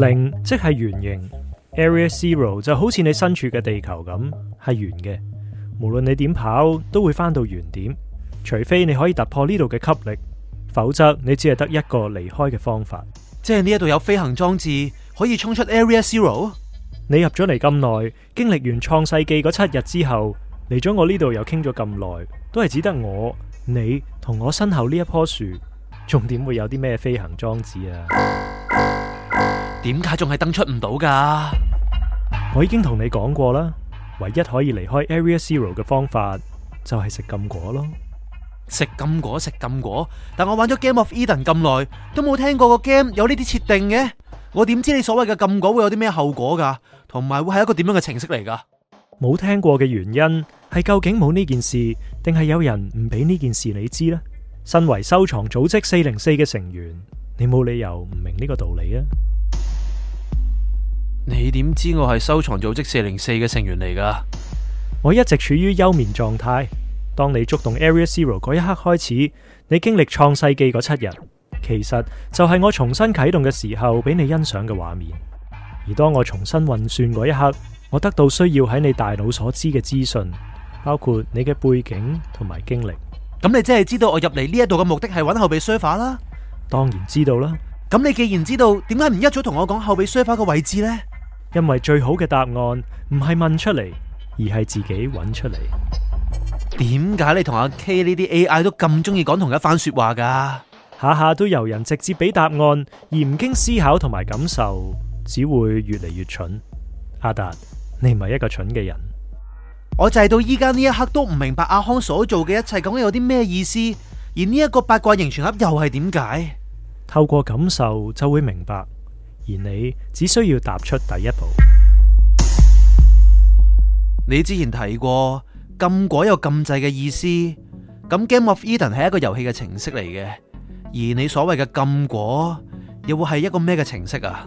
零即係圓形，Area Zero 就好似你身處嘅地球咁，係圓嘅。無論你點跑，都會返到原點，除非你可以突破呢度嘅吸力，否則你只係得一個離開嘅方法。即係呢一度有飛行裝置可以衝出 Area Zero？你入咗嚟咁耐，經歷完創世紀嗰七日之後，嚟咗我呢度又傾咗咁耐，都係只得我、你同我身後呢一棵樹，仲點會有啲咩飛行裝置啊？點解仲係登出唔到噶？我已經同你講過啦，唯一可以離開 Area Zero 嘅方法就係食禁果咯。食禁果，食禁果。但我玩咗 Game of Eden 咁耐，都冇聽過個 game 有呢啲設定嘅。我點知你所謂嘅禁果會有啲咩後果噶？同埋會係一個點樣嘅程式嚟噶？冇聽過嘅原因係究竟冇呢件事，定係有人唔俾呢件事你知呢？身為收藏組織四零四嘅成員，你冇理由唔明呢個道理啊！你點知我係收藏組織四零四嘅成員嚟㗎？我一直處於休眠狀態。當你觸動 Area Zero 嗰一刻開始，你經歷創世記嗰七日，其實就係我重新啟動嘅時候俾你欣賞嘅畫面。而當我重新運算嗰一刻，我得到需要喺你大腦所知嘅資訊，包括你嘅背景同埋經歷。咁你即係知道我入嚟呢一度嘅目的係揾後備 server 啦？當然知道啦。咁你既然知道，點解唔一早同我講後備 server 嘅位置呢？因為最好嘅答案唔係問出嚟，而係自己揾出嚟。點解你同阿 K 呢啲 AI 都咁中意講同一番說話噶？下下都由人直接俾答案，而唔經思考同埋感受，只會越嚟越蠢。阿達，你唔係一個蠢嘅人。我就係到依家呢一刻都唔明白阿康所做嘅一切究竟有啲咩意思，而呢一個八卦型全盒又係點解？透過感受就會明白。而你只需要踏出第一步。你之前提過禁果有禁制嘅意思，咁 Game of Eden 係一個遊戲嘅程式嚟嘅，而你所謂嘅禁果又會係一個咩嘅程式啊？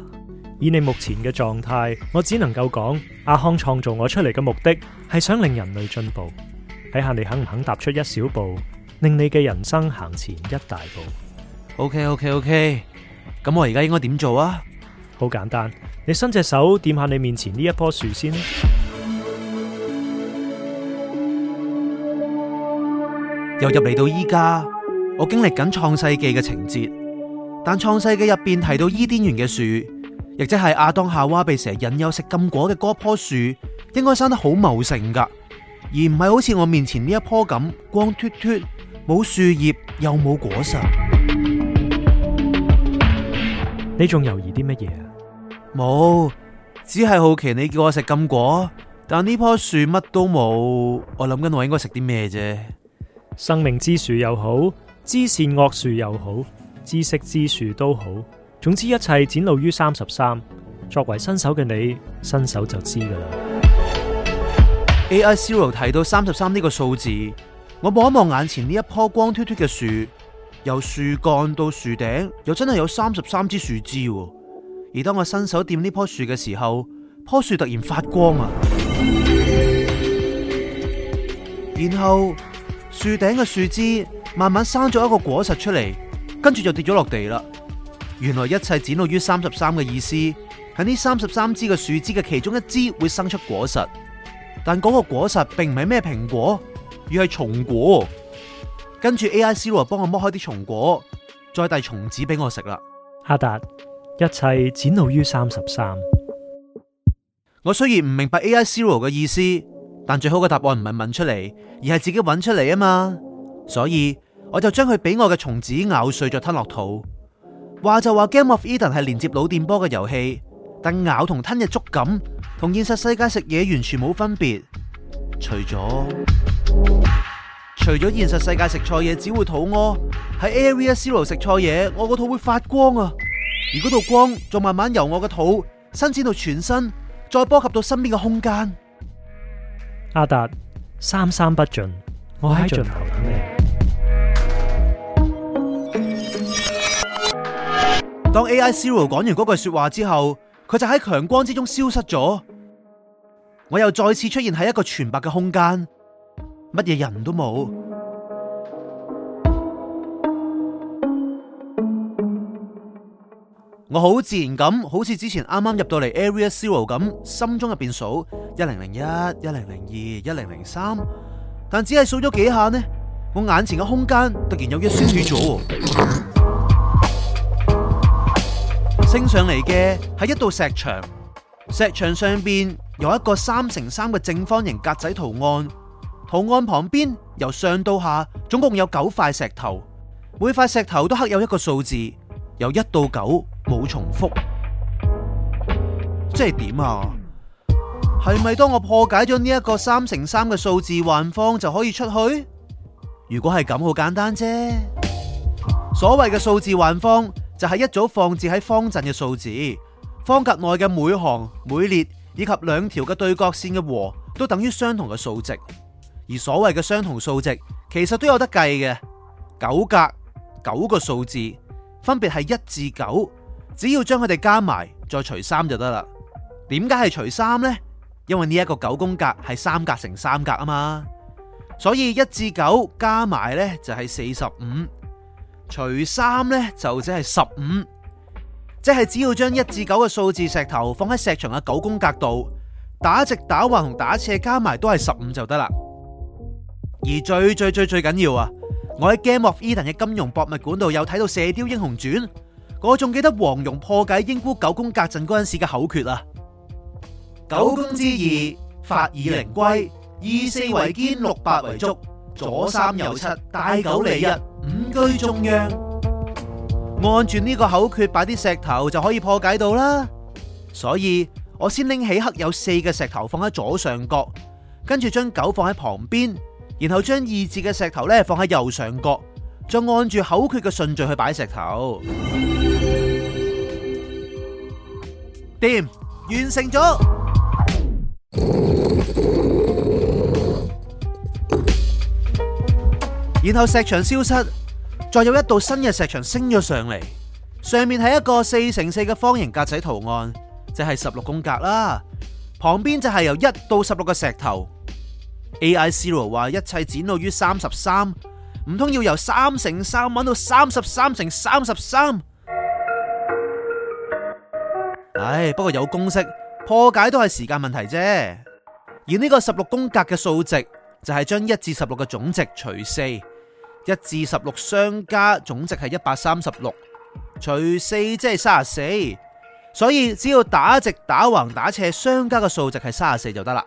以你目前嘅狀態，我只能夠講，阿康創造我出嚟嘅目的係想令人類進步。睇下你肯唔肯踏出一小步，令你嘅人生行前一大步。OK OK OK，咁我而家應該點做啊？好簡單，你伸隻手掂下你面前呢一棵樹先。由入嚟到依家，我經歷緊創世紀嘅情節，但創世紀入邊提到伊甸園嘅樹，亦即係亞當夏娃被蛇引誘食禁果嘅嗰棵樹，應該生得好茂盛噶，而唔係好似我面前呢一棵咁光脫脫、冇樹葉又冇果實。你仲猶豫啲乜嘢啊？冇，只係好奇你叫我食禁果，但呢棵樹乜都冇，我諗緊我應該食啲咩啫？生命之樹又好，知善惡樹又好，知識之樹都好，總之一切展露於三十三。作為新手嘅你，伸手就知㗎啦。AI Zero 提到三十三呢個數字，我望一望眼前呢一棵光脫脫嘅樹，由樹幹到樹頂，又真係有三十三支樹枝。而當我伸手掂呢棵樹嘅時候，棵樹突然發光啊！ 然後樹頂嘅樹枝慢慢生咗一個果實出嚟，跟住就跌咗落地啦。原來一切展露於三十三嘅意思，喺呢三十三枝嘅樹枝嘅其中一支會生出果實，但嗰個果實並唔係咩蘋果，而係松果。跟住 A I C 羅幫我剝開啲松果，再遞松子俾我食啦，哈達。一切展露於三十三。我雖然唔明白 AI Zero 嘅意思，但最好嘅答案唔係問出嚟，而係自己揾出嚟啊嘛。所以我就將佢俾我嘅松子咬碎咗吞落肚。話就話 Game of Eden 係連接腦電波嘅遊戲，但咬同吞嘅觸感同現實世界食嘢完全冇分別，除咗除咗現實世界食錯嘢只會肚屙、啊，喺 Area Zero 食錯嘢，我個肚會發光啊！而嗰道光仲慢慢由我嘅肚伸展到全身，再波及到身邊嘅空間。阿達，三三不盡，我喺盡頭等你。當 AI Zero 講完嗰句說話之後，佢就喺強光之中消失咗。我又再次出現喺一個全白嘅空間，乜嘢人都冇。我好自然咁，好似之前啱啱入到嚟 Area Zero 咁，心中入邊數一零零一、一零零二、一零零三，但只係數咗幾下呢？我眼前嘅空間突然有嘢升起咗，升上嚟嘅係一道石牆，石牆上邊有一個三乘三嘅正方形格仔圖案，圖案旁邊由上到下總共有九塊石頭，每塊石頭都刻有一個數字，由一到九。冇重複，即係點啊？係咪當我破解咗呢一個三乘三嘅數字幻方就可以出去？如果係咁，好簡單啫。所謂嘅數字幻方就係一組放置喺方陣嘅數字方格內，嘅每行、每列以及兩條嘅對角線嘅和都等於相同嘅數值。而所謂嘅相同數值其實都有得計嘅，九格九個數字分別係一至九。只要將佢哋加埋，再除三就得啦。點解係除三呢？因為呢一個九宮格係三格乘三格啊嘛，所以一至九加埋呢就係四十五，除三呢就只係十五。即係只要將一至九嘅數字石頭放喺石牆嘅九宮格度，打直打橫同打斜加埋都係十五就得啦。而最最最最緊要啊，我喺 Game of Eden 嘅金融博物館度又睇到《射鵰英雄傳》。我仲記得黃蓉破解瑛姑九宮格陣嗰陣時嘅口訣啊，九宮之義，法以靈龜，二四為肩，六八為足，左三右七，戴九履一，五居中央。按住呢個口訣擺啲石頭就可以破解到啦。所以我先拎起刻有四嘅石頭放喺左上角，跟住將九放喺旁邊，然後將二字嘅石頭咧放喺右上角。再按住口訣嘅順序去擺石頭，掂 完成咗。 然後石牆消失，再有一道新嘅石牆升咗上嚟，上面係一個四乘四嘅方形格仔圖案，就係十六宮格啦。旁邊就係由一到十六嘅石頭。AI Zero 話一切展露於三十三。唔通要由三乘三玩到三十三乘三十三？唉，不過有公式，破解都係時間問題啫。而呢個十六宮格嘅數值就係將一至十六嘅總值除四，一至十六相加總值係一百三十六，除四即係三十四，所以只要打直打橫打斜相加嘅數值係三十四就得啦。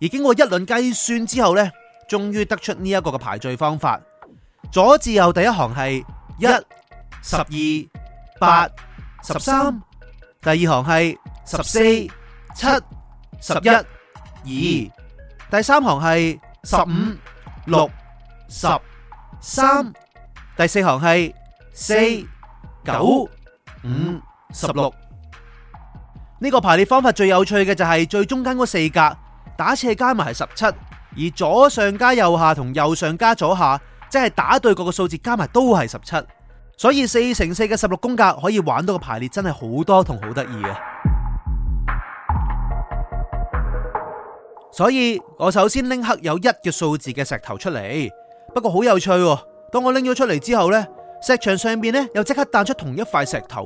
而經過一輪計算之後呢，終於得出呢一個嘅排序方法。左至右第一行係一十二八十三，第二行係十四七十一二，第三行係十五六十三，第四行係四九五十六。呢個排列方法最有趣嘅就係最中間嗰四格打斜加埋係十七，而左上加右下同右上加左下。即係打對角嘅數字加埋都係十七，所以四乘四嘅十六宮格可以玩到嘅排列真係好多同好得意嘅。所以我首先拎刻有一嘅數字嘅石頭出嚟，不過好有趣喎。當我拎咗出嚟之後呢，石牆上面呢又即刻彈出同一塊石頭。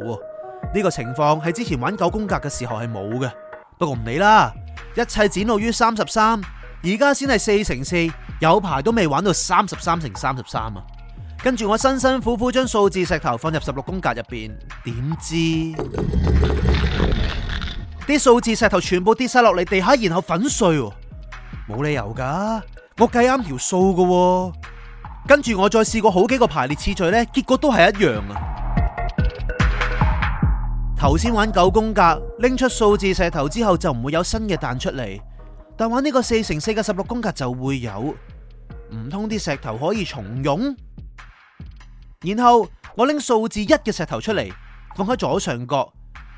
呢個情況係之前玩九宮格嘅時候係冇嘅，不過唔理啦，一切展露於三十三，而家先係四乘四。有排都未玩到三十三乘三十三啊！跟住我辛辛苦苦將數字石頭放入十六宮格入邊，點知啲 數字石頭全部跌晒落嚟地下，然後粉碎、啊，冇理由噶。我計啱條數噶、啊，跟住我再試過好幾個排列次序呢，結果都係一樣啊！頭先玩九宮格，拎出數字石頭之後就唔會有新嘅彈出嚟，但玩呢個四乘四嘅十六宮格就會有。唔通啲石頭可以重用？然後我拎數字一嘅石頭出嚟，放喺左上角，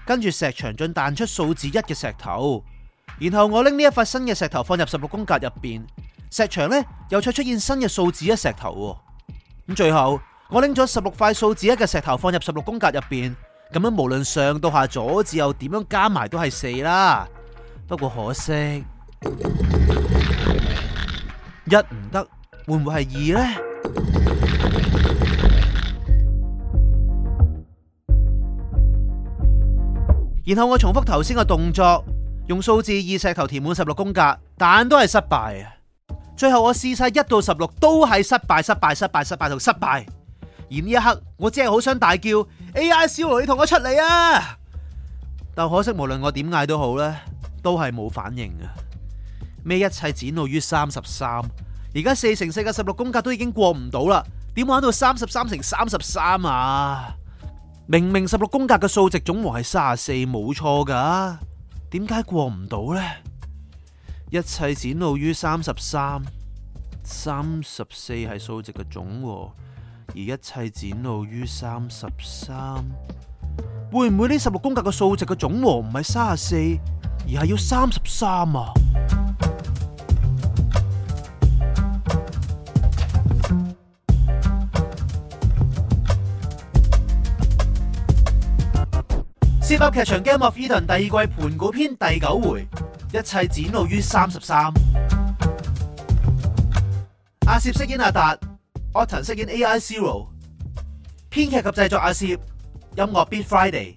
跟住石牆盡彈出數字一嘅石頭。然後我拎呢一塊新嘅石頭放入十六宮格入邊，石牆呢又再出現新嘅數字一石頭。咁最後我拎咗十六塊數字一嘅石頭放入十六宮格入邊，咁樣無論上到下，下，左至右點樣加埋都係四啦。不過可惜，一唔得。會唔會係二呢？然後我重複頭先嘅動作，用數字二石頭填滿十六宮格，但都係失敗啊！最後我試晒一到十六，都係失敗，失敗，失敗，失敗同失，失敗。而呢一刻，我只係好想大叫 A I 少女，同我出嚟啊！但可惜，無論我點嗌都好咧，都係冇反應啊！咩一切展露於三十三。而家四乘四嘅十六宮格都已經過唔到啦，點玩到三十三乘三十三啊？明明十六宮格嘅數值總和係三十四，冇錯噶，點解過唔到呢？一切展露於三十三，三十四係數值嘅總和，而一切展露於三十三，會唔會呢十六宮格嘅數值嘅總和唔係三十四，而係要三十三啊？Zip 噏劇場》《Game of Eden 第二季盤古篇第九回，一切展露於三十三。阿涉飾演阿達，奧騰飾演 AI Zero，編劇及製作阿涉，音樂 Beat Friday。